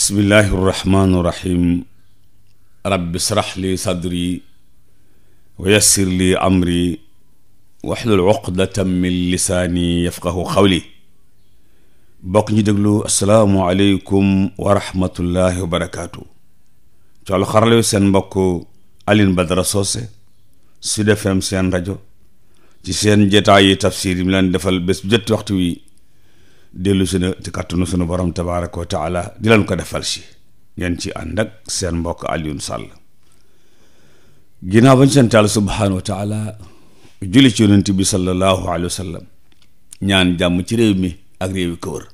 bismillahi rahmaani rahim rabbi srax li sadri wa yassir li amri waxlul uqdatan min lisaani yafqahu xawli bokk ñi déglu asalaamu aleykum wa rahmatullahi wa barakaatu seen mbokk alin Badara Socé Sud FM seen rajo ci seen jataay yi tafsir yi mu leen defal bés waxtu wi dellu si na ci sunu borom tabaaraka wa taala di leen ko defal si ngeen ci ànd ak seen mbokk Alioune Sall ginnaaw bañ sant Yàlla subhaanahu wa taala julli ci yonent bi sallallahu alayhi wa sallam ñaan jàmm ci réew mi ak réew yi ko wër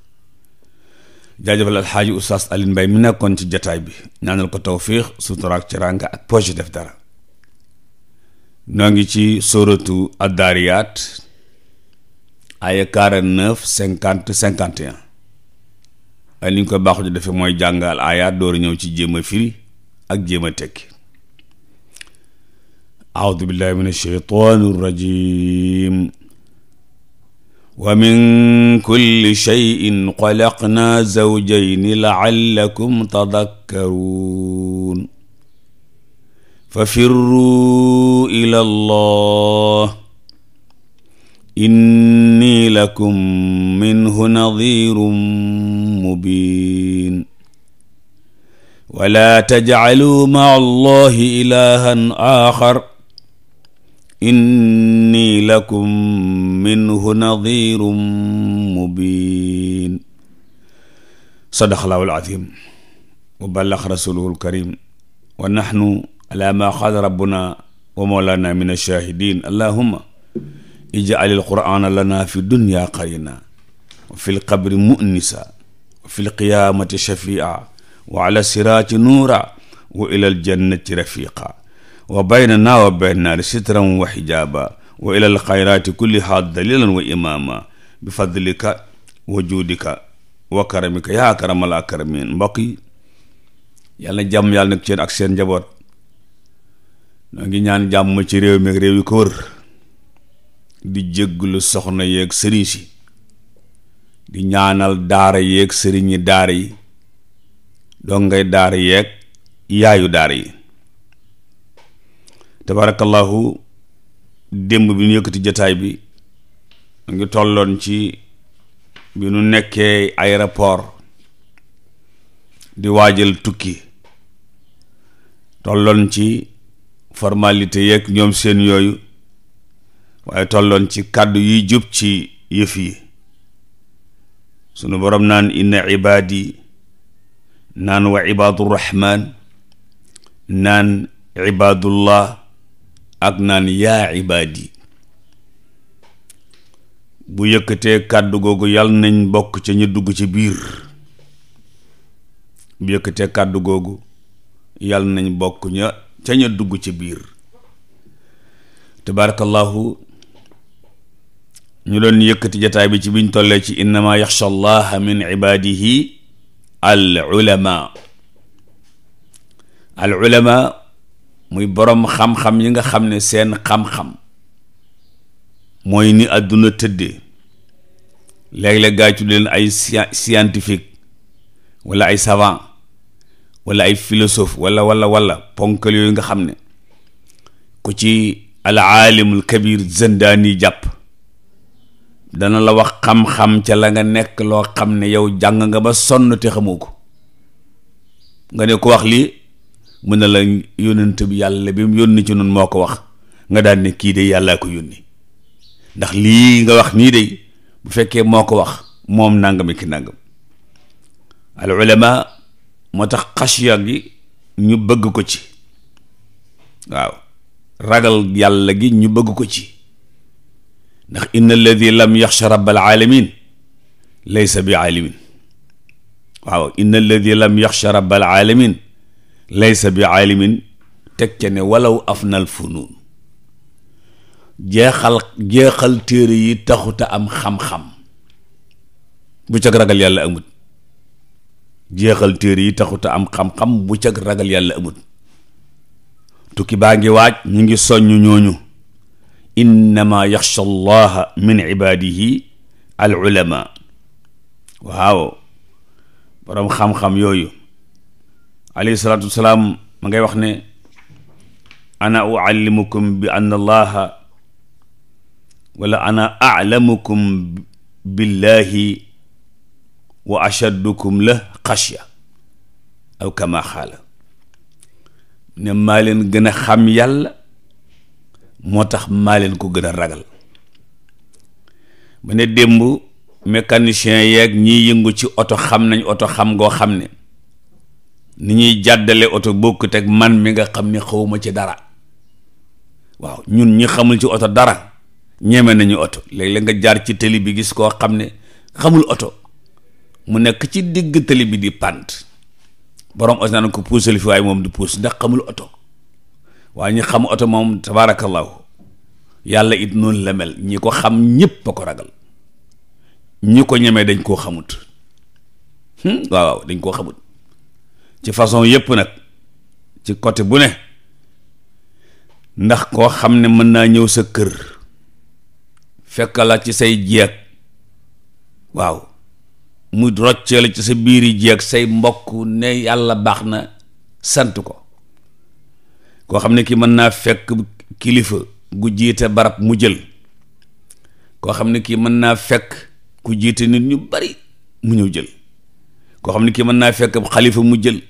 mi nekkoon ci jataay bi ñaanal ko tawfiix sutura ak ciranga ak poche def dara ñoo ngi ci sóoratu addaariyaat aaya 49 cinquante 51 ay ni ñu ko baaxu defe mooy jàngal aayaat dooru ñëw ci jéem a firi ak jéem a tekki aoudu billahi min asheytaani rrajim wa min kulli sheyin xalaqna zawjayni laallakum tadakkaruun fafirru ila lakum minhu nadirun mubin wala tajcaluu maa allahi ilahan axar inni lakum minhu nadirun mubin sadaqallaahu al-aziim wa ballaga rasuluhu al-kariim wa naxnu alaa maa qaala rabbunaa wa mawlaanaa mina ash-shaahidiin allahumma ijaalil quraana lana fi dunya qarina wa fi lqabri munisa wa fi lqiyaamati shafia wa ala siraati nuura wa ila aljannati rafiqa wa baynana wa bayn naari sitran wa xijaaba wa ila alxayraati kulliha dalilan wa imaama bi fadlika wa juudika wa karamika yaa karamal akramin mbokk yi yàlla na jàmm yàlla nekk seen ak seen njaboot noo ngi ñaan jàmm ci réew mi ak réew yi ko wër di jégglu soxna yeeg sëriñ si di ñaanal daara yeeg sëriñi daara yi dongay daara yeek yaayu daara yi tabarakallahu démb bi ñu yëkkati jataay bi ngi tolloon ci bi nu nekkee aéroport di waajal tukki tolloon ci formalité yeek ñoom seen yooyu waaye tolloon ci kàddu yi jub ci yëf yi sunu boroom naan inna ibaadi naan wa ibaadurrahman naan ibaadullah ak naan yaa ibaadi bu yëkkatee kàddu googu yal nañ bokk ca ñu dugg ci biir bu yëkkatee kàddu googu yal nañ bokk ña ca ñu dugg ca biir tabaarakallahu ñu doon yëkkati jataay bi ci biñ tollee ci innama yaxsha allaha min ibaadihi al ulama al ulama muy boroom xam-xam yi nga xam ne seen xam-xam mooy ni àdduna tëddee léeg-léeg gaa tudd leen ay scientifique wala ay savant walla ay philosophe wala wala wala ponkal yooyu nga xam ne ku ci al aalimul kabir zëndaani jàpp dana la wax xam-xam ca la nga nekk loo xam ne yow jàng nga ba sonn te xamoo ko nga ne ko wax lii mu na la yónnent bi yàlla bi mu yónni ci nun moo ko wax nga daan ne kii de yàllaa ko yónni ndax lii nga wax nii de bu fekkee moo ko wax moom nangam ki nangam al ulama moo tax xasiya gi ñu bëgg ko ci waaw ragal yàlla gi ñu bëgg ko ci ndax inna alladi lam yaxsha rabbal alamin laysa bi alimin waaw inna alladi lam yaxsha rabbal alamin laysa bi alimin teg ci ne walaw afnal funun jeexal jeexal yi taxuta am xam bu cag ragal yàlla amut jeexal téere yi taxuta am xam-xam bu cag ragal yàlla amut tukki baa ngi waaj ñu ngi soññ ñooñu innama yaxsha allaha min ibaadihi al ulama waaw boroom xam-xam yooyu alayhi salaatu wasalaam ma ngay wax ne ana uallimukum bi anna allaha wala ana alamukum billahi wa ashaddukum la xashya aw kama xaala ne maa leen gën a xam yàlla moo tax maa leen ko gën a ragal mu ne démb mécanicien yeeg ñiy yëngu ci oto xam nañ oto xam ngoo xam ne ni ñuy jàddale oto bokkut ak man mi nga xam ni xawuma ci dara waaw ñun ñi xamul ci oto dara ñeme nañu oto léeg-léeg nga jaar ci tëli bi gis koo xam ne xamul oto mu nekk ci digg tëli bi di pant borom oto naan ko puusal fi waaye moom du puus ndax xamul oto waaye ñu xam oto moom tabaarakallaahu yàlla it noonu la mel ñi ko xam ñëpp a ko ragal ñi ko ñemee dañ koo xamut hmm? waaw dañ koo xamut ci façon yëpp nag ci côté bu ne ndax koo xam ne mën naa ñëw sa kër fekk la ci say jeeg waaw mu rocceel ci sa biir yi jeeg say mbokk ne yàlla baax na sant ko koo xam ne ki mën naa fekk kilifa gu jiite barab mu jël koo xam ne kii mën naa fekk ku jiite nit ñu bari mu ñëw jël koo xam ne kii mën naa fekk xalifa mu jël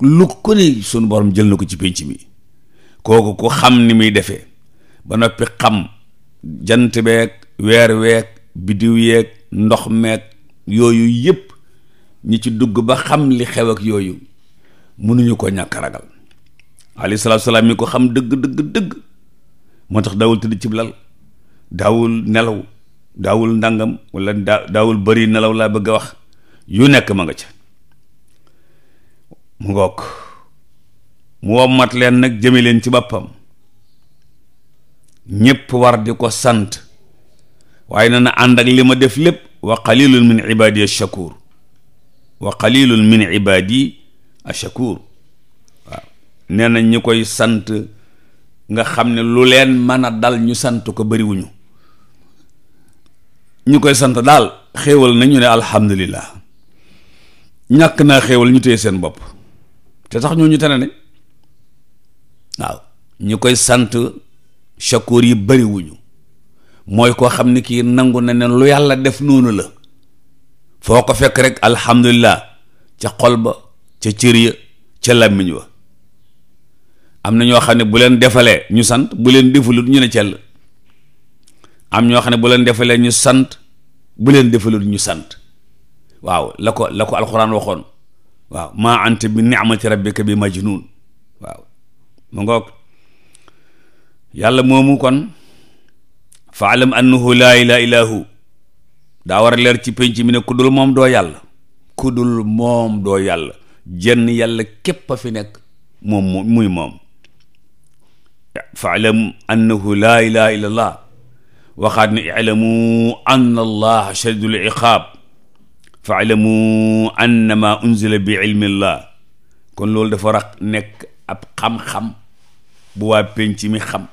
lu ko ne sunu borom jël na ko ci pénc mi kooku ku xam ni muy defee ba noppi xam jant beek weer week biddiw yeeg ndox meeg yooyu yëpp ñi ci dugg ba xam li xew ak yooyu mënuñu ko ñàkk ragal alayhi salaatu salaam mi ko xam dëgg dëgg dëgg moo tax daawul tëdd cib lal daawul nelaw daawul ndangam wala daawul bëri nelaw laa bëgg a wax yu nekk ma nga ca mu ngoog mu wommat leen nag jëme leen ci boppam ñépp war di ko sant waaye na na ànd ak li ma def lépp wa qalilun min ibadi ash-shakur wa qalilun min ibadi ash-shakur nee na ñi koy sant nga xam ne lu leen mën a dal ñu sant ko bariwuñu ñu koy sant daal xéewal nañu ne alhamdulillah ñàkk naa xéewal ñu téye seen bopp te sax ñooñu tane nañ waaw ñu koy sant shakoor yi bariwuñu mooy koo xam ne kii nangu na ne lu yàlla def noonu la foo ko fekk rek alhamdulillah ca xol ba ca cër ya ca làmmiñ wa am na ñoo xam ne bu leen defalee ñu sant bu leen defalut ñu ne cell am ñoo xam ne bu leen defalee ñu sant bu leen defalut ñu sant waaw la ko la ko alxuraan waxoon waaw ma anta bi ni'mati rabbika bi majnun waaw mu ngoog yàlla moomu kon faalam annahu laa ilaaha illaa hu daa war a leer ci penc mi ne ku moom doo yàlla ku dul moom doo yàlla jenn yàlla képp a fi nekk moom muy moom faalamu annahu laa ilaha illa allah waxaat ne ilamu anna allah shadidul iqaab faalamu annama unzila bi ilmi llah ko loolu dafa rax nekk ab xam-xam bu waa penc mi xam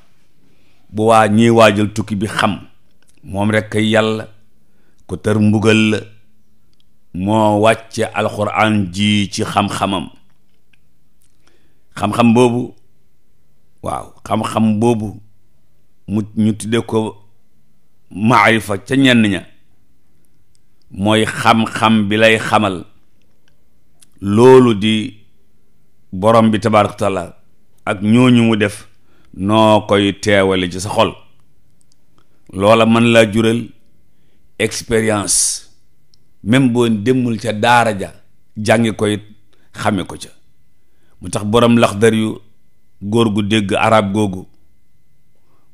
bu waa ñiy waajal tukki bi xam moom rekk yàlla ku tër mbugal la moo wàcce alxuraan ji ci xam-xamam xam-xam boobu waaw xam-xam boobu mu ñu tudde ko maarifa ca ñenn ña mooy xam-xam bi lay xamal loolu di borom bi tabaaraka taala ak ñoo ñu mu def noo koy teewale ci sa xol loola mën laa jural expérience même boo demul ca daara ja jàngi koy xame ko ca mu tax borom laxdar yu góor gu dégg arab googu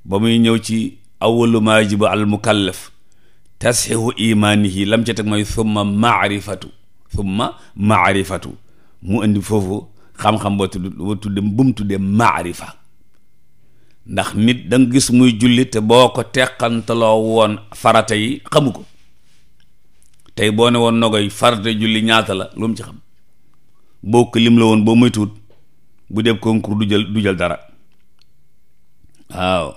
ba muy ñëw ci awalu maa yajibu al mukallaf tasxihu lam ca teg mooy summa maarifatu summa maarifatu mu indi foofu xam-xam ba tudd ba mu tuddee maarifa ndax nit da nga gis muy julli te boo ko teqantaloo woon farata yi xamu ko tey boo ne woon nogoy farata julli ñaata la lu ci xam boo ko lim la woon boo muy tuut bu def konkur du jël jël dara waaw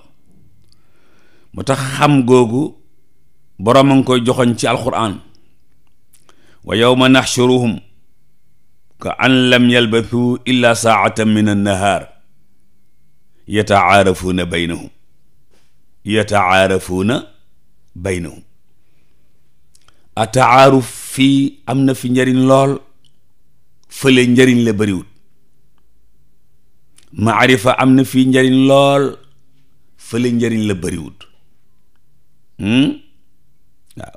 mu tax xam googu boroom a ngi koy joxoñ ci alquran wa yawma naxshuruhum ka an lam yalbathu illa saatan min annahaar yataaarafuuna baynahum yataaarafuuna baynahum ataaruf fii am na fi njariñ lool fële njariñ la bariwul maarifa am na fii njariñ lool fële njariñ la bariwut hmm? waaw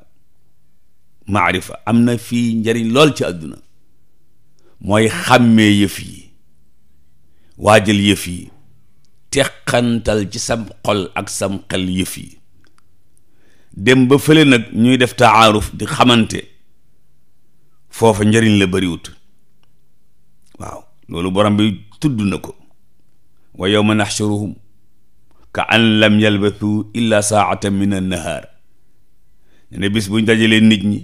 maarifa am na fii njariñ lool ci àdduna mooy xàmmee yëf yi waajal yëf yi teqantal ci sam xol ak sam xel yëf yi dem fële nag ñuy def taaruf di xamante foofa njariñ la bariwut waaw loolu borom bi tudd na ko wa yowma naxshuruhum ka an lam yalbathu illa saatan min an nahaar ne bis buñ dajalee nit ñi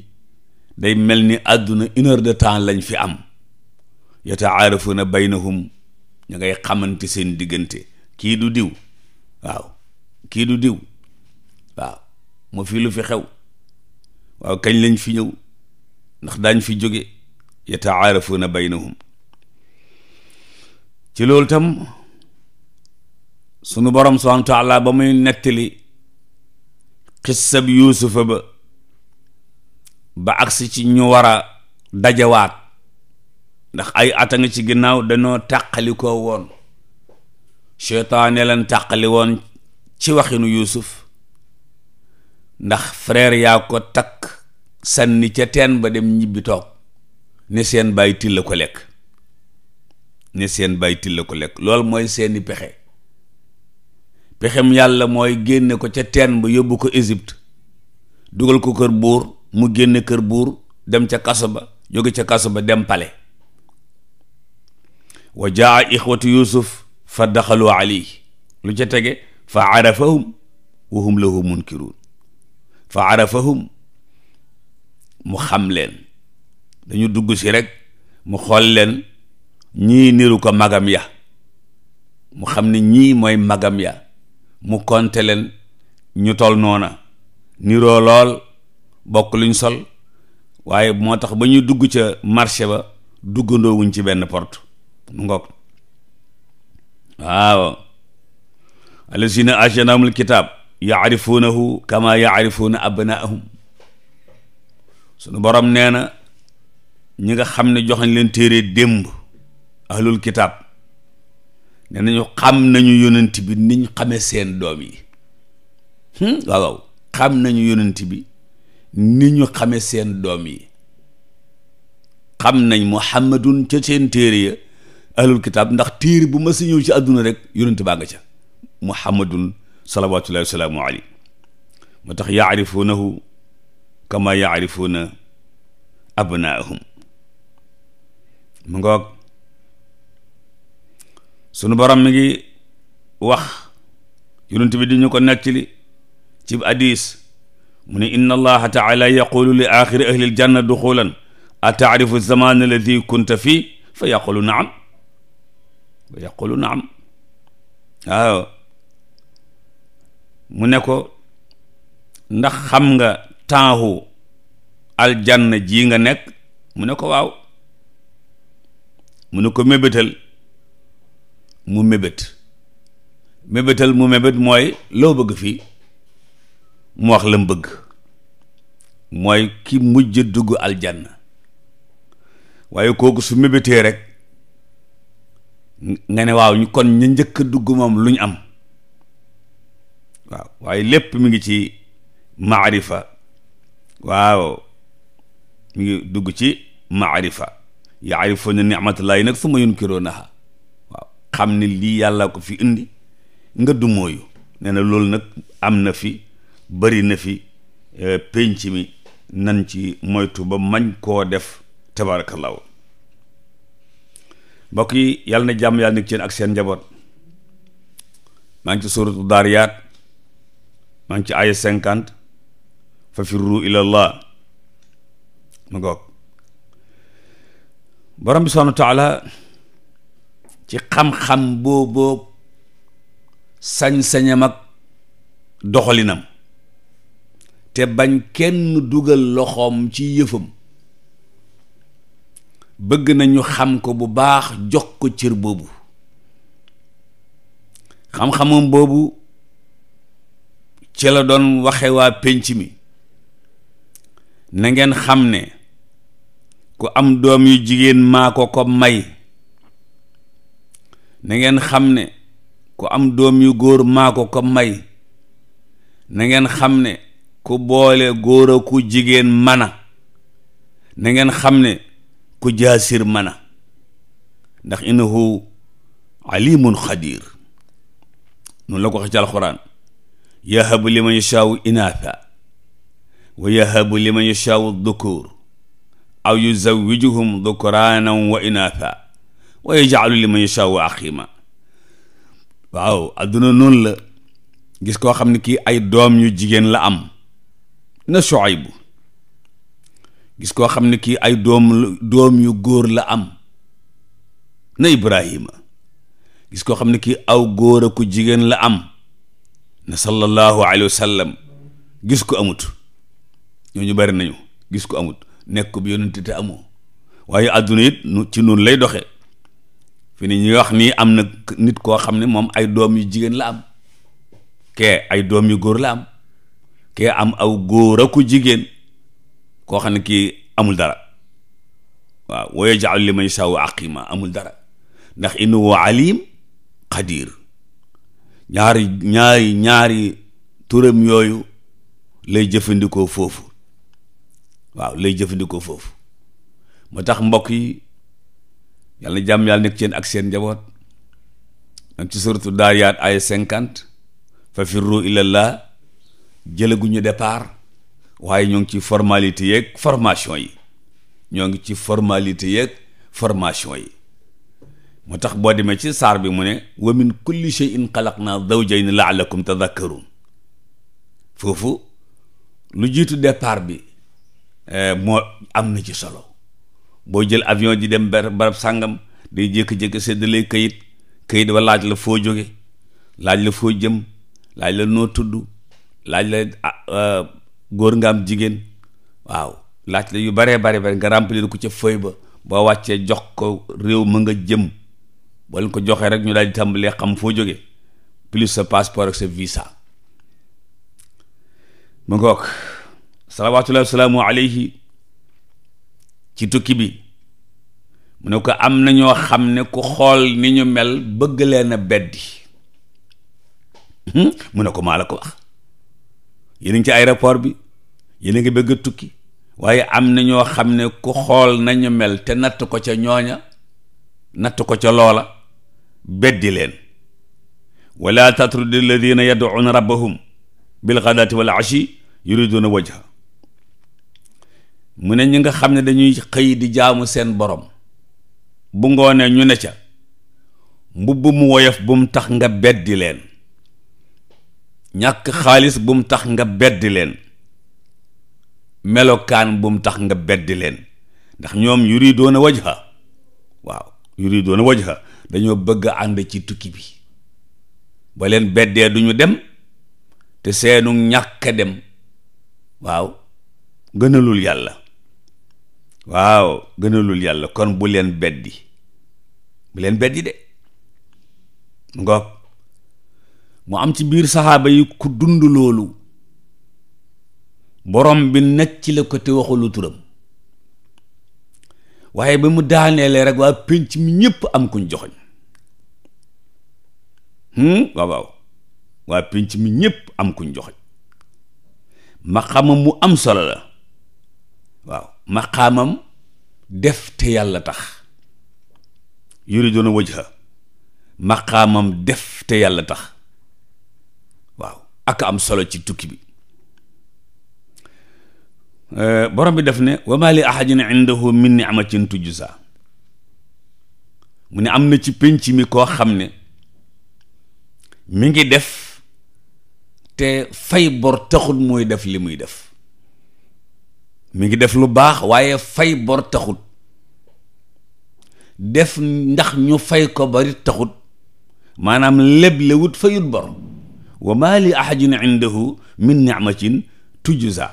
day mel ni àdduna une heure de temps lañ fi am yataarafuna baynahum ñu ngay xamante seen diggante kii du diw waaw kii du diw waaw mu fi lu fi xew waaw kañ lañ fi ñëw ndax daañ fi jóge yataarafuna baynahum ci loolu tam sunu borom subhaanahu wa taala ba muy nettali xissab yuusufa ba ba agsi ci ñu war a dajawaat ndax ay ata nga ci ginnaaw dañoo tàqali koo woon seytaane leen tàqali woon ci waxinu yuusuf ndax freer yaa ko takk sànni ca teen ba dem ñibbi toog ne seen bàyyi till ko lekk ne seen bàyyi till ko lekk loolu mooy seeni pexe pexem yàlla mooy génne ko ca teen ba yóbbu ko Égypte dugal ko kër buur mu génne kër buur dem ca kaso ba jóge ca kaso ba dem pale wa jaa ixwatu yusuf fa daxalu alayhi lu ca tege fa arafahum wa hum lahu fa arafahum mu xam leen dañu dugg si rek mu xool leen ñii niru ko magam ya mu xam ni ñii mooy magam ya mu konte leen ñu tol noona niroo lool bokk luñ sol waaye moo tax ba ñu dugg ca marché ba duggandoo wuñ ci benn porte mu ngoog waaw allazina ajnahumul kitaab yaarifuunahu kama yaarifuuna abnaahum sunu borom nee na ñi nga xam ne joxañ leen téere démb ahlul kitaab ne nañu xam nañu yonent bi niñ xame seen doom yi hmm? waaw waaw xam nañu yonent bi ni ñu xame seen doom yi xam nañ muhammadun ca seen téere ya ahlul kitaab ndax téere bu ma si ñëw ci àdduna rek yonent baa nga ca muhammadun salawatullahi wa salaamu alayhi moo tax yaarifuunahu kama yaarifuuna abnaahum mu sunu borom mi ngi wax yonent bi di ko nettali ci hadiis mu ne inna allaha taala yaqulu li axiri ahli aljanna duxulan a taarifu zaman alladi kunta fii fa yaqulu naam fa yaqulu naam mu ne ko ndax xam nga taahu aljanna ji nga nekk mu ne ko waaw mu ne ko mébétal mu mébét mébétal mu mébét mooy loo bëgg fii mu wax lam bëgg mooy ki mujj dugg aljanna waaye kooku su mébétee rek nga ne waaw ñu kon ñu njëkk a dugg moom lu ñu am waaw waaye lépp mu ngi ci maarifa waaw mi ngi dugg ci maarifa yaarifuuna nicmatullaahi nag summa yunkiroonaha xam ni lii yàlla ko fi indi nga du mooyu nee na loolu nag am na fi bëri na fi e, pénc mi nan ci moytu ba mañ koo def tabaarakallaahu mbokk yi yàlla na jàmm yàlla nekk ci ak seen njaboot maa ci suuratu daariyaat maa ngi ci aaya cinquante fa firru ilallah mu ngoog borom bi subhaanahu wa ci xam-xam booboog sañ-sañam ak doxalinam te bañ kenn dugal loxoom ci yëfam bëgg nañu xam ko bu baax jox ko cër boobu xam-xamam boobu ci la doon waxe waa pénc mi na ngeen xam ne ku am doom yu jigéen maa ko ko may na ngeen xam ne ku am doom yu góor maa ko may na ngeen xam ne ku boole góor a ku jigéen mana na ngeen xam ne ku jaasir mana ndax innahu alimun xadir noonu la ko waxee ci alxuraan yahabu liman yashaawu inaatha wa yahabu liman yashaawu dukur aw yuzawijuhum dukuraanan wa inaatha wa yaj'alu liman yashaa'u aqiima waaw adduna noon la gis koo xam ne kii ay doom yu jigéen la am na Shuayb gis koo xam ne kii ay doom doom yu góor la am na Ibrahima gis koo xam ne kii aw góoraku jigéen la am na sallallahu alayhi wa gis ko amut ñu bari nañu gis ko amut nekk bu yonent te amoo waaye àdduna it ci noonu lay doxe fi ni wax nii am na nit koo xam ne moom ay doom yu jigéen la am kee ay doom yu góor la am kee am aw góor ak ku jigéen koo xam ne kii amul dara waaw li yaj'alu liman yashaa'u aqiima amul dara ndax innahu aliim qadir ñaari ñaari ñaari turam yooyu lay jëfandikoo foofu waaw lay jëfandikoo foofu moo tax mbokk yàlla na jàmm yàlla nekk ci yéen ak seen njaboot nag ci suratu daariyaat ay cinquante fa firru ilallah jëlaguñu départ waaye ñoo ngi ci formalité yeeg formation yi ñoo ngi ci formalité yeeg formation yi moo tax boo demee ci saar bi mu ne wa min kulli shay'in xalaqnaa zawjayn la'allakum tadhakkarun foofu lu jiitu départ bi eh, moo am na ci solo boo jël avion di dem ber barab sàngam day jékki-jékki séddale kayit këyit ba laaj la foo jóge laaj la foo jëm laaj la noo tudd laaj la ah, euh, góor nga am jigéen waaw laaj la yu baree bare bare nga remplir ko ca feuille ba boo wàccee jox ko réew ma nga jëm boo leen ko joxee rek ñu daal di tàmbalee xam foo jóge plus sa passeport ak sa visa mu ngoog salawaatullahi wa salaamu alayhi ci tukki bi mu ne ko am na ñoo xam ne ku xool ni ñu mel bëgg leen beddi hmm? mu ne ko maa la ko wax yéen ci aéroport bi yéen a ngi bëgg a tukki waaye am na ñoo xam ne ku xool nañu mel te natt ko ca ñooña natt ko ca loola beddi leen wala tatrudi alladina yad'uuna rabbahum bilxadaati wal ashi yuriduna wajha mu ne ñi nga xam ne dañuy xëy di jaamu seen boroom bu ngoonee ñu ne ca mbubb mu woyof mu tax nga beddi leen ñàkk xaalis bum tax nga beddi leen melokaan bum tax nga beddi leen ndax ñoom yuridoona wajha waaw yuri doon waj wajha dañoo bëgg ànd ci tukki bi ba leen beddee duñu dem te seenu ñàkk dem waaw gënalul yàlla waaw gënalul yàlla kon bu leen beddi bu leen beddi de ngoog mu am ci biir saxaaba yi ku dund loolu borom bi nag ci la ko te waxulu turam waaye ba mu daaneele rek waa pénc mi ñëpp am kuñ joxoñ hmm? mi ñëpp am kuñ joxoñ ma xama mu am solo la maqaamam def te yàlla tax yuriduna wajha maqaamam def te yàlla tax waaw ak am solo ci tukki bi euh, borom bi def ne wa ma li ahadin indahu min ni'matin tujza mu ne am na ci pénc mi koo xam ne mi ngi def te fay bor taxul mooy def li muy def mi ngi def lu baax waaye fay bor taxut def ndax ñu fay ko bari taxut maanaam leblewut fayut bor wa maa li ahadin indahu min nicmatin tujza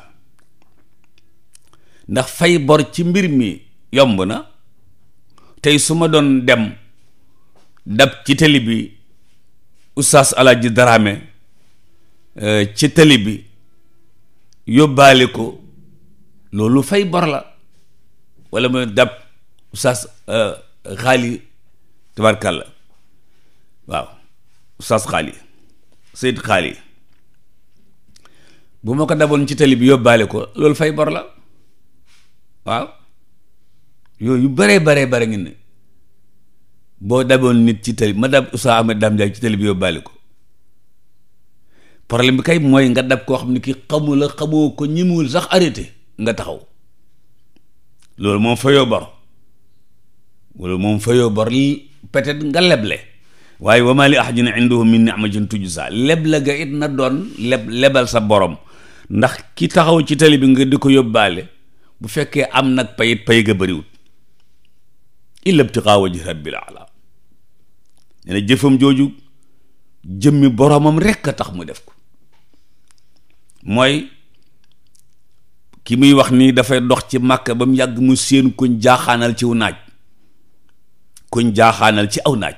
ndax fay bor ci mbir mi yomb na tey su ma doon dem dab ci tëli bi oustaz Alaaji Daraame euh, ci tëli bi yóbbaale ko loolu fay bor la wala ma dab oustaz euh, xaali tabarkàlla waaw oustaz xaali sayid xaali bu ma ko daboon ci tali yóbbaale ko loolu fay bor la waaw yooyu yu baree baree bare ngi ne boo daboon nit ci tali ma dab Oustaz Ahmed Dame Ndiaye ci tali bi yóbbaale ko problème bi kay mooy nga dab koo xam ne ki xamu la xamoo ko ñemewul sax arrêté nga taxaw loolu moom fayoo bor loolu moom fayoo bor peut-être nga leble waaye wa maa li ahadin indahu min ni'matin tujzaa leble ga it na doon leb lebal sa boroom ndax ki taxaw ci tali bi nga di ko yóbbaale bu fekkee am nag payit pay ga bëriwut illa ibtiqaa wajhi rabbil a'laa nee na jëfam jooju jëmmi boromam rekk a tax mu def ko mooy ki muy wax nii dafay dox ci màkk ba mu yàgg mu séen kuñ jaaxaanal ciw naaj kuñ jaaxaanal ci aw naaj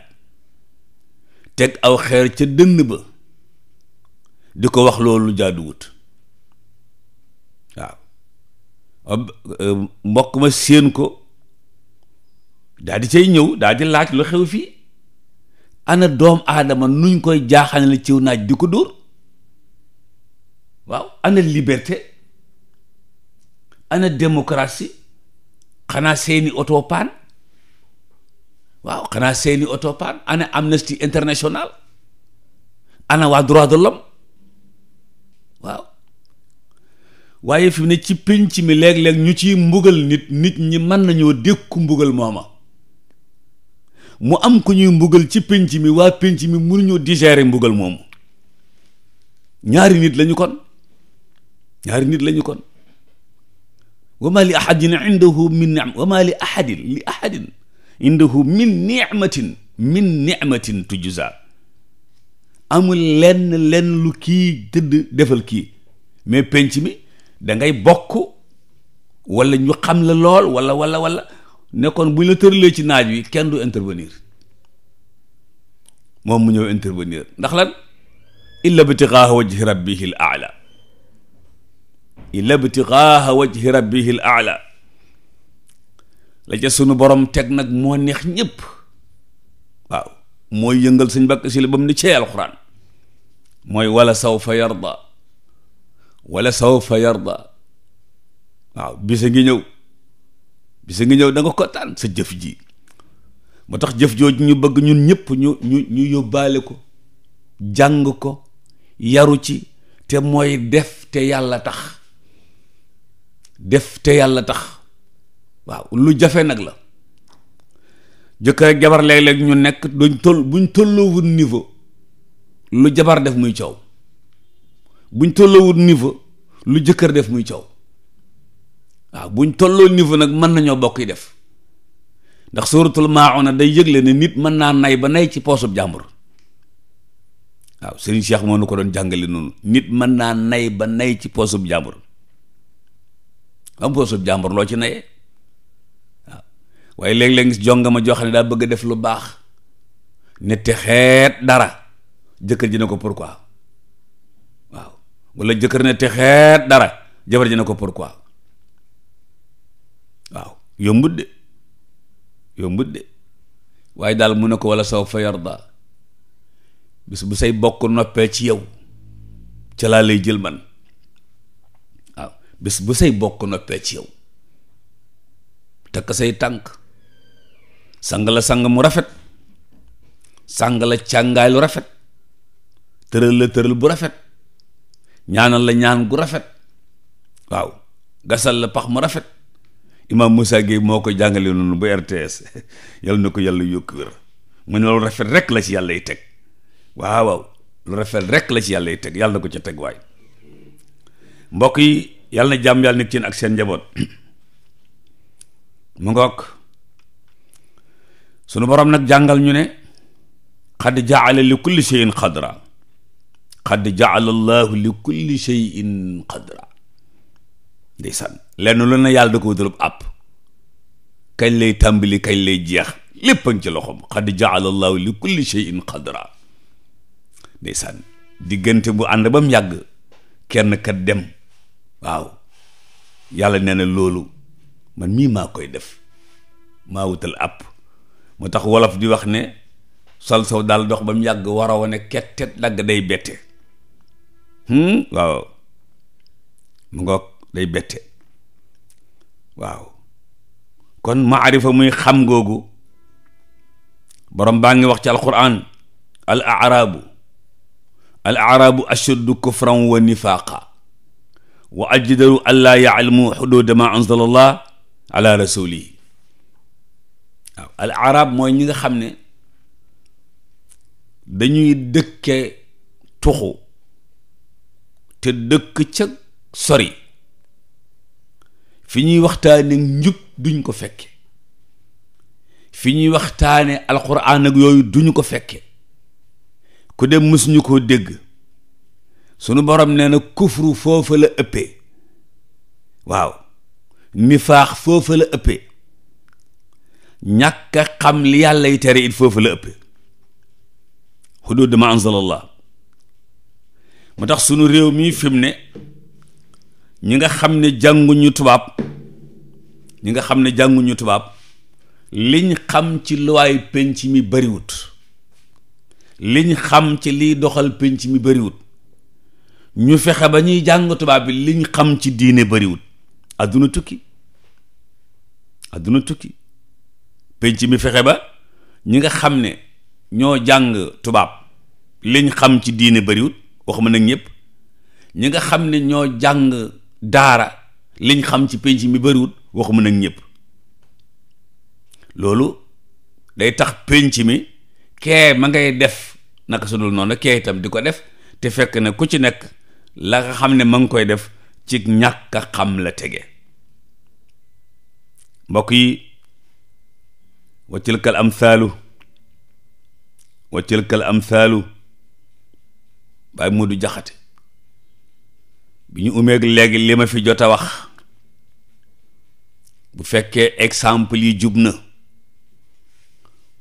teg aw xeer ca dënn ba di ko wax loolu jaaduwut waaw euh, mbokk ma séen ko daal di cay ñëw daal di laaj lu xew fii ana doom aadama nuñ koy jaaxaanal ciw naaj di ko dóor waaw ana liberté ana démocratie xanaa seeni oto paan waaw xanaa seeni oto paan ana Amnesty International ana waa droit de l'homme waaw waaye fi ci pénc mi léeg-léeg ñu ci mbugal nit nit ñi mën nañoo dékku mbugal mooma mu am ku ñuy mbugal ci pénc mi waa pénc mi mënuñoo digérer mbugal moomu ñaari nit lañu kon ñaari nit lañu kon wa ma li ahadin indahu min nicma wa ma li ahadin li ahadin indahu min ni min nicmatin tujza amul lenn lenn lu kii tëdd defal kii mais penc mi da ngay bokk wala ñu xam la lool wala wala wala nekkoon bu ñu la tëralee ci naaj wi kenn du intervenir moom mu ñëw intervenir ndax lan illa btiqaaha wajhi rabbihi al aala illa btigaaha wajhi rabbihi l la ca sunu borom teg nag moo neex ñépp waaw mooy yëngal sëñ bàkk si la ba mu ni cee alxuraan mooy wala sawfa yarda wala sawfa yarda waaw bisa ngi ñëw bisa ngi ñëw danga nga kontaan sa jëf ji moo tax jëf jooju ñu bëgg ñun ñëpp ñu ñu ñu yóbbaale ko jàng ko yaru ci te mooy def te yàlla tax def te yàlla tax waaw lu jafe nag la jëkkër ak jabar léeg-léeg ñu nekk duñ toll buñ tolloowul niveau lu jabar def muy coow buñ tolloowul niveau lu jëkkër def muy coow waaw buñ tolloo niveau nag mën nañoo bokki def ndax suuratul na day yëgle ne nit mën naa nay ba nay ci poosub jàmbur waaw Serigne Cheikh moo nu ko doon jàngale noonu nit mën naa nay ba nay ci poosub jàmbur am poosub jàmbur loo ci naye waaw waaye léeg-léeg gis jongama joo xam ne daa bëgg a def lu baax nette xeet dara jëkkër ji ne ko pourquoi waaw wala jëkkër nette xeet dara jabar ji ne ko pourquoi waaw yombut de yombut de waaye daal mu ne ko wala saw fa yarda bis bu say bokk noppee ci yow ca laa lay jël man bis bu say bokk noppee ci yow takk say tànk sang la sang mu rafet sang la càngaay lu rafet tëral la tëral bu rafet ñaanal la ñaan gu rafet waaw gasal la pax mu rafet imam musa Gueye moo ko jàngale noonu bu RTS yal na ko yàlla yokk wér mu ne loolu rafet rek la ci yàlla yi teg waaw waaw lu rafet rek la ci yàlla yi teg yàlla ko ca teg waay mbokk yi yàlla na jàmm yàlla nekk ci ak seen njaboot mu ngoog sunu borom nag jàngal ñu ne xad jaala li kulli shay'in qadra xad jaala allahu li kulli shay'in qadra ndeysaan lenn lu ne yàlla da ko wutalub àpp kañ lay tàmbali kañ lay jeex lépp ci loxoom xad jaala allahu li kulli shay'in qadra ndeysaan diggante bu ànd ba mu yàgg kenn kat dem waaw yàlla nee na loolu man mii maa koy def maa wutal àpp moo tax wolof di wax ne sol saw daal dox ba mu yàgg war a wane kettet dagg day bette hmm? waaw mu ngoog day bette waaw kon maarifa muy xam googu borom baa ngi wax ci alquran al arabu al arabu ashaddu kufran wa nifaqa wa ajdaru allaa yaalamu xuduuda ma anzala allah ala rasulihi waaw mooy ñi nga xam ne dañuy dëkke tuxu te dëkk ca sori fi ñuy waxtaane njub duñ ko fekke fi ñuy waxtaane alquran ak yooyu duñu ko fekke ku dem mësuñu koo dégg sunu borom nee na kufru foofa la ëppee waaw nifaax foofu la ëppee ñàkk xam li yàlla yi tere it foofu la ëppee xuduud ma anzalallah mu tax sunu réew mii fim ne ñi nga xam ne jànguñu tubaab ñi nga xam ne jànguñu tubaab liñ xam ci luwaay penc mi bariwut liñ xam ci liy doxal penc mi bariwut ñu fexe ba ñuy jàng tubaab bi liñ xam ci diine bariwut adduna tukki adduna tukki penc mi fexe ba ñi nga xam ne ñoo jàng tubaab liñ xam ci diine bariwut wax ma nag ñëpp ñi nga xam ne ñoo jàng daara liñ xam ci penc mi bariwut wax ma nag ñëpp loolu day tax penc mi kee ma ngay def naka su dul noonu kee itam di ko def te fekk na ku ci nekk la nga xam ne ma ngi koy def ci ñàkk a xam la tege mbokk yi wa tilkal amthaalu wa tilkal amthaalu baay mu du jaxate bi ñu umeeg léegi li ma fi jot a wax bu fekkee exemple yi jub na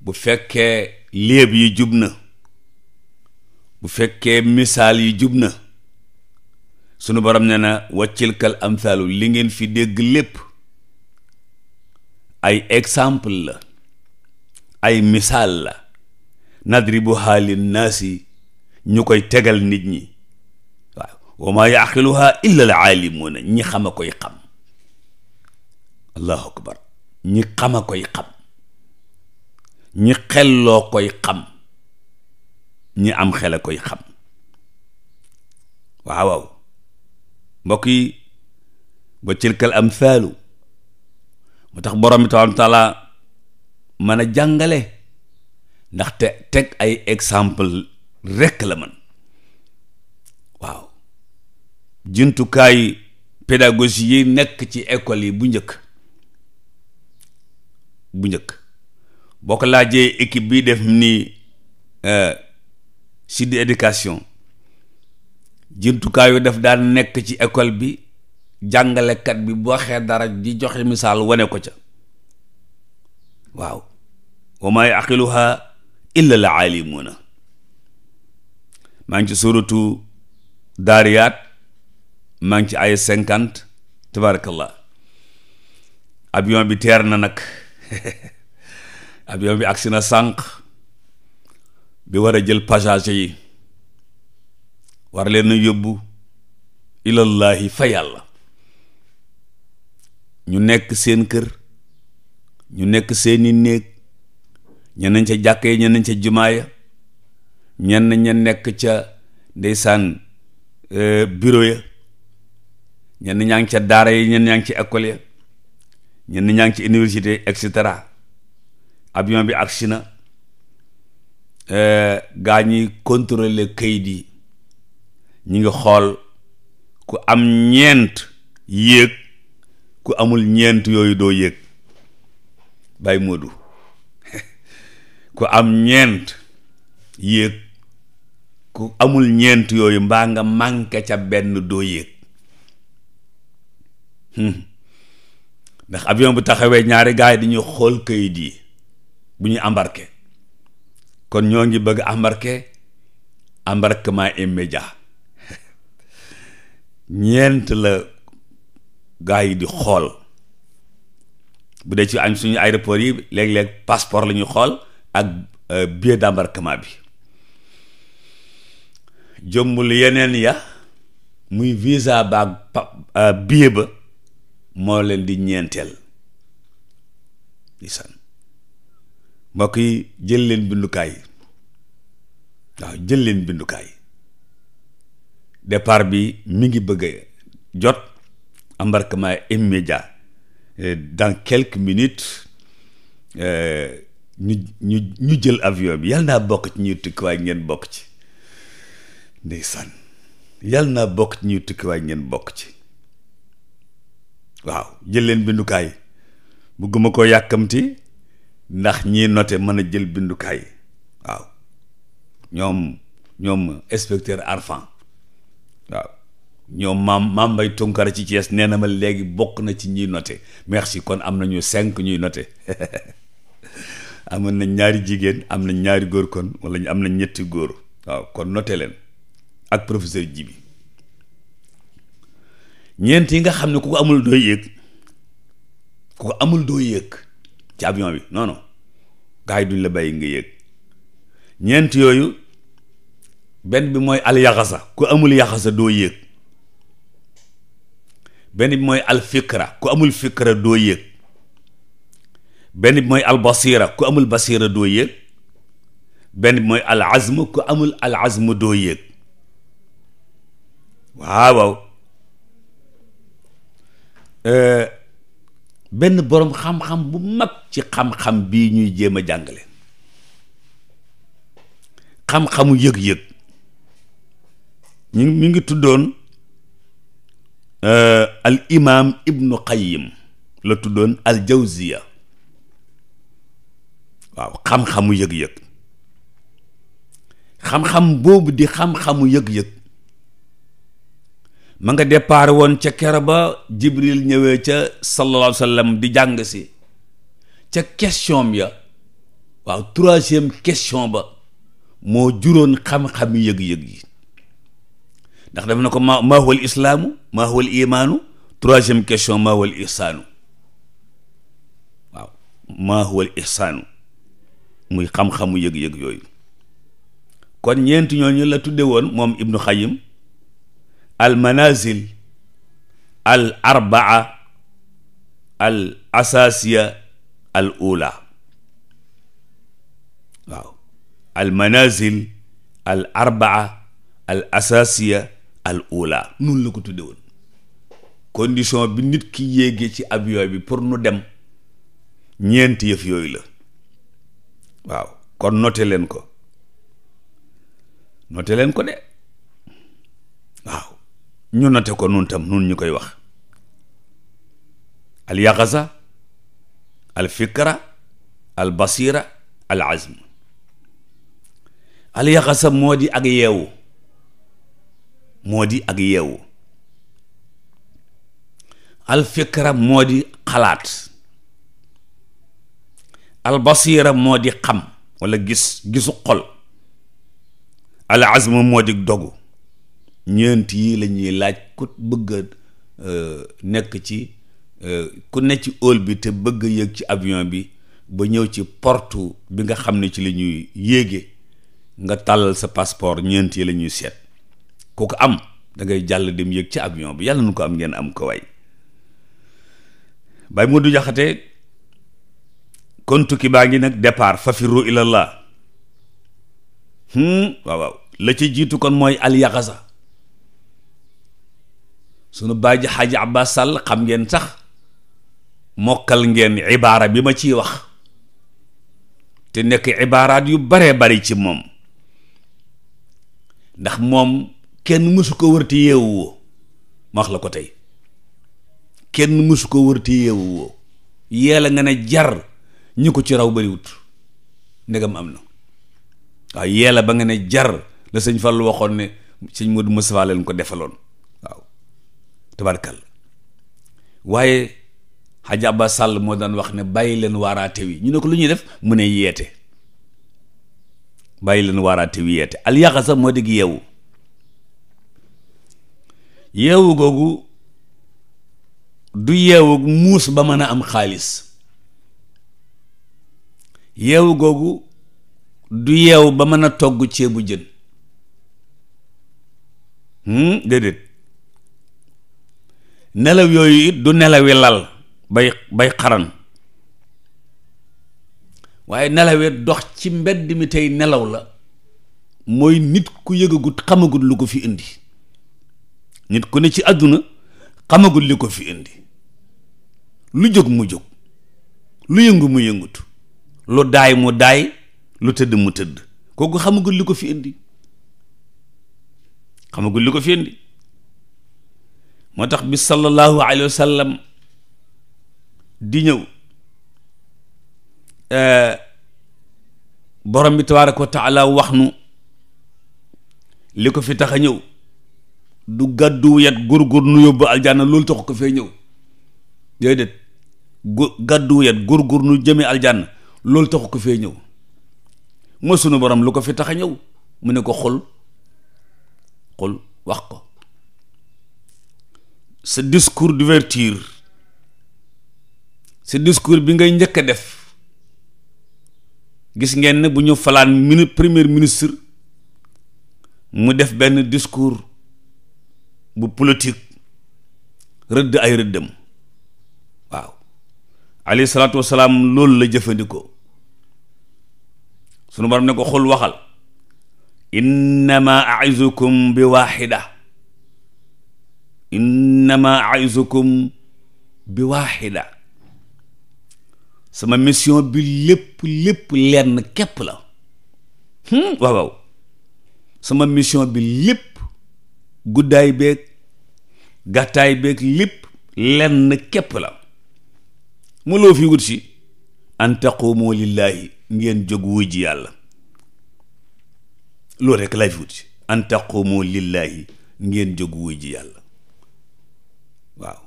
bu fekkee léeb yi jub na bu fekkee misaal yi jub na sunu borom ne na wàccilkal amthaalu li ngeen fi dégg lépp ay exemple la ay misaal la nadribu haalin naasi ñu koy tegal nit ñi waaw wa ñi xam a koy xam xam a koy xam ñi xelloo koy xam ñi am xel koy xam waaw waaw mbokk yi ba am amthaalu moo tax borom bi tabaaraka taala mën a jàngale ndaxte teg ay exemple rekk la man waaw jumtukaay pédagogie yi nekk ci école yi bu njëkk bu njëkk boo ko laajee équipe bi def nii ni euh, sud éducation jumtukaayu def daan nekk ci école bi jàngalekat bi bu waxee dara di joxe misaal wane ko ca waaw wa maa yaqiluha illa al aalimuuna maa ngi ci suratu daariyaat maa ngi ci ay cinquante tabarakallah avion bi teer na nag avion bi agsi na sànq bi war a jël passager yi war leen a yóbbu ilallaahi fa yàlla ñu nekk seen kër ñu nekk seeni néeg ñenn ca jàkka ya ñenn ca jumaa ya ñenn ña nekk ca ndeysaan e, bureau ya ñenn ñaa ngi ca daara ya ñenn ñaa ngi ci école ya ñenn ñaa ngi ci université et cetera avion bi agsi na e, gaa ñi contrôler kayit yi ñi ngi xool ku am ñeent yéeg ku amul ñeent yooyu doo yéeg bàyyi moodu ku am ñeent yéeg ku amul ñeent yooyu mbaa nga manqué ca benn doo yéeg hmm. ndax avion bu taxawee ñaari gars yi dañu xool kayit yi bu ñuy embarqué kon ñoo ngi bëgg embarqué embarquement immédiat ñeent la gaa yi di xool bu dee ci am suñu aéroport yi léeg-léeg passeport la ñuy xool ak euh, billet d'embarquement bi jëmbul yeneen ya muy visa ba ak euh, bie ba moo leen di ñeenteel isan mbokk yi jël leen bindukaay yi waaw jël leen bindukaay départ bi mu ngi bëgg jot embarquement immédiat euh, dans quelques minutes euh, ñu ñu ñu jël avion bi yàlla naa bokk ci ñuy tukki ngeen bokk ci ndeysaan yàlla naa bokk ci ñuy ngeen bokk ci waaw jël leen bindukaay bëgguma ko yàkkamti ndax ñi note mën a jël bindukaay waaw ñoom ñoom inspecteur Arfan waaw ñoom maam maam Mbay Tunkara ci Thiès nee na ma léegi bokk na ci ñuy noté merci kon am nañu cinq ñuy note amoon nañ ñaari jigéen am nañ ñaari góor kon walla ñu am nañ ñetti góor waaw kon noté leen ak professeur Jibi ñeent yi nga xam ne ku ko amul doo yëg ku ko amul doo yëg ci bi noonu gaa yi duñ la bàyyi nga yëg ñeent yooyu benn bi mooy al yaxasa ku amul yaxasa doo yéeg benn bi mooy al ku amul fikra doo yéeg benn bi mooy al ku amul basira doo yéeg benn bi mooy amul al azm doo yéeg waaw euh, benn boroom xam-xam bu mag ci xam-xam bii ñuy jéem a jàngale xam-xamu yëg-yëg ñu mi ngi tuddoon euh, al imaam ibnu qayyim la tuddoon al jawziya waaw xam-xamu yëg-yëg xam-xam boobu di xam-xamu yëg-yëg ma nga départ woon ca kera ba jibril ñëwee ca sallallahu alayhi di jàng si ca question ya waaw troisième question ba moo juróon xam-xamu yëg-yëg yi ndax dama na ko ma maa huwal islaamu maa huwal imaanu troisième question maa huwal ihsaanu waaw maa huwal ihsaanu muy xam-xamu yëg-yëg yooyu kon ñeenti ñooñu la tudde woon moom ibnu xayim al manazil al arbaa al asasiya al al ula nun la ko tudde woon condition bi nit ki yéegee ci avion bi pour nu dem ñeenti yëf yooyu la waaw kon noté leen ko noté leen ko de waaw ñu noté ko nun tam nun ñu koy wax al yaqasa al fikra al basira al azm al moo di ak yeewu moo di ak yeewu alfikra moo di xalaat albasiira moo di xam walla gis gisu xol al moo di dogu ñeent yi lañuy laaj ku bëgg a euh, nekk ci euh, ku ne ci óol bi te bëgg a yéeg ci avion bi ba ñëw ci portu bi nga xam ne ci la ñuy yéege nga tàllal sa passeport ñeent yi lañuy seet kooku ko am da jàll dem yëg ci avion bi yàlla nu ko am ngeen am ko waay Baye Modou Jaxate kon tukki baa ngi nag départ fafiru ilallah hmm waaw waaw la ci jiitu kon mooy alyaxasa sunu baaji xaaji abbas sàll xam ngeen sax mokkal ngeen ibaara bi ma ciy wax te nekk ibaaraat yu baree bari ci moom ndax moom kenn mësu ko wër te yeewuwoo ma wax la ko tey kenn mësu ko wërti te yeewuwoo yeela nga ne jar ñu ko ci raw bariwut ndegam am na waaw yeela ba nga ne jar la sëñ Fallu waxoon ne sëñ Modou Moustapha leen ko defaloon waaw tabarkal waaye Hadj Abba Sall moo daan wax ne bàyyi leen waaraate wi ñu ne ko lu ñuy def mu ne yeete bàyyi leen waaraate wi yeete al sax moo dégg yeewu yeewu googu du yeewu muus ba mën a am xaalis yeewu googu du yeew ba mën a togg ceebu jën hmm? déedéet nelaw yooyu it du nelawi lal bay bay xaran waaye nelawee dox ci mbedd mi tey nelaw la mooy nit ku yëgagut xamagut lu ko fi indi nit ku ne ci àdduna xamagul li ko fi indi lu jóg mu jóg lu yëngu mu yëngutu lu daay mu daay lu tëdd mu tëdd kooku xamagul li ko fi indi xamagul li ko fi indi moo tax bi sallallahu alayhi wa sallam di ñëw eh, borom bi tabaaraka wa taala wax nu li ko fi tax a ñëw du gàddu yet góor-góor nu yóbbu aljanna loolu tax ko fee ñëw déedéet gu gàddu yet góor-góor nu jëmee aljanna loolu tax ko fee ñëw ma sunu borom lu ko fi tax a ñëw mu ne ko xol xol wax ko sa discours d'ouverture sa discours bi ngay njëkk a def gis ngeen ne bu ñu falaan mini premier ministre mu def benn discours bu politique rëdd ay rëddam waaw alayhi salaatu wasalaam loolu la jëfandikoo sunu borom ne ko xul waxal innama aizukum bi waaxida innama aizukum bi waaxida sama mission bi lépp lépp lenn képp la hmm? waaw waaw sama mission bi lépp guddaay beeg gàttaay beeg lépp lenn képp la mu loo fi wut si an taqumu lillaahi ngeen jóg wuy ji yàlla loolu rekk laa fi wut si an lillaahi ngeen jóg wuy ji yàlla waaw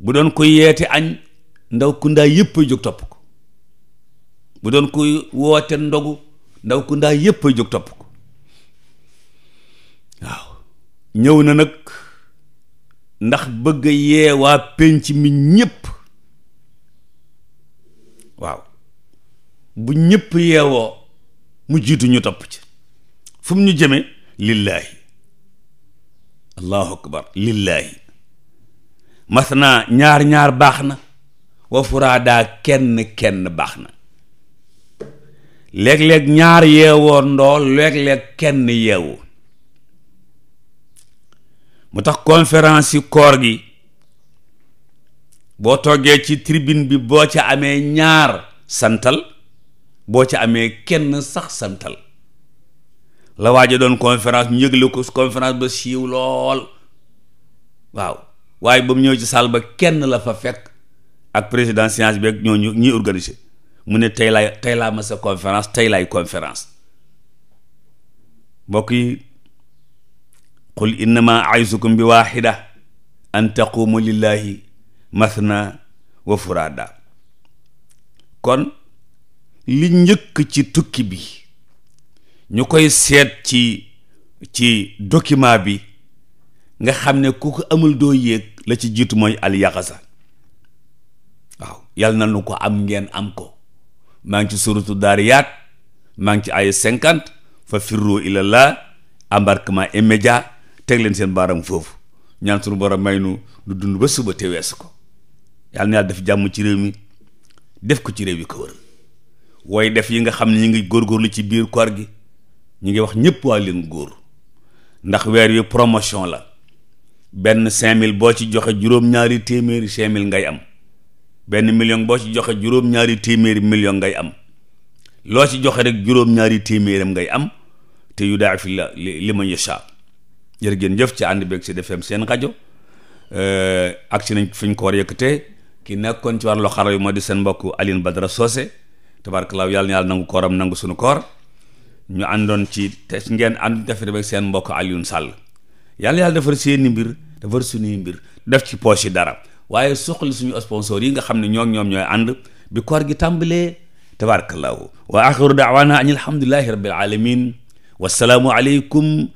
bu doon ko yeete añ ndaw kundaa yépp jóg topp ko bu doon ko woote ndogu ndaw kundaa yépp jóg topp ko waaw ñëw na nag ndax bëgg yee waa pénc mi ñépp waaw bu ñépp yeewoo mu jiitu ñu topp ci fu ñu jëme lillaahi allahu akbar lillaahi masna ñaar ñaar baax na wa furaadaa kenn kenn baax na léeg-léeg ñaar yeewoo ndool léeg-léeg kenn yeewu mu tax conférence yi koor gi boo toggee ci tribune bi boo ca amee ñaar santal boo ci amee kenn sax santal la waaja doon conférence ñu yëgle ko conférence ba siiw lool waaw waaye ba mu ñëw ci salle ba kenn la fa fekk ak président science bi ak ñooñu ñuy organiser mu ne tey laay tey laa ma sa conférence tey laay conférence mbokk qul innama aysukum bi waaxida an taqumu lillahi mathna wa furada kon li njëkk ci tukki bi ñu koy seet ci ci document bi nga xam ne ku ko amul doo yéeg la ci jiitu mooy al yaqasa waaw yàlla na nu ko am ngeen am ko maa ngi ci suratu daariyaat maa ngi ci ay cinquante fa firru ilallah embarquement immédiat teg leen seen baaram foofu ñaan sunu borom may nu du dund ba suba te weesu ko yàlla na yàlla def jàmm ci réew mi def ko ci réew yi ko wër wooy def yi nga xam ne ñu ngi góor góorgóorlu ci biir koor gi ñu ngi wax ñëpp waa leen góor ndax weer yu promotion la benn cinq mille boo ci joxe juróom-ñaari téeméeri cinq mille ngay am benn million boo ci joxe juróom-ñaari téeméeri million ngay am loo ci joxe rek juróom-ñaari téeméeram ngay am te yu daa fi la li li jërë ngeen jëf ci ànd beeg Sud FM seen euh, ki nekkoon ci wàllu xarala yu moo di seen mbokk Alioune Badara Socé tabaarkalaaw yàlla na yàlla nangu kooram nangu suñu koor ñu àndoon ci te ngeen ànd defar beeg seen mbokk alin Sall yàlla yàlla defar seeni mbir defar suñuy mbir def ci poche yi dara waaye suqali suñu sponsor yi nga xam ne ñoo ñoom ñooy ànd bi koor gi tàmbalee tabaarkalaaw wa axiru daawaana an alhamdulillahi rabbil alamin wassalaamu aleykum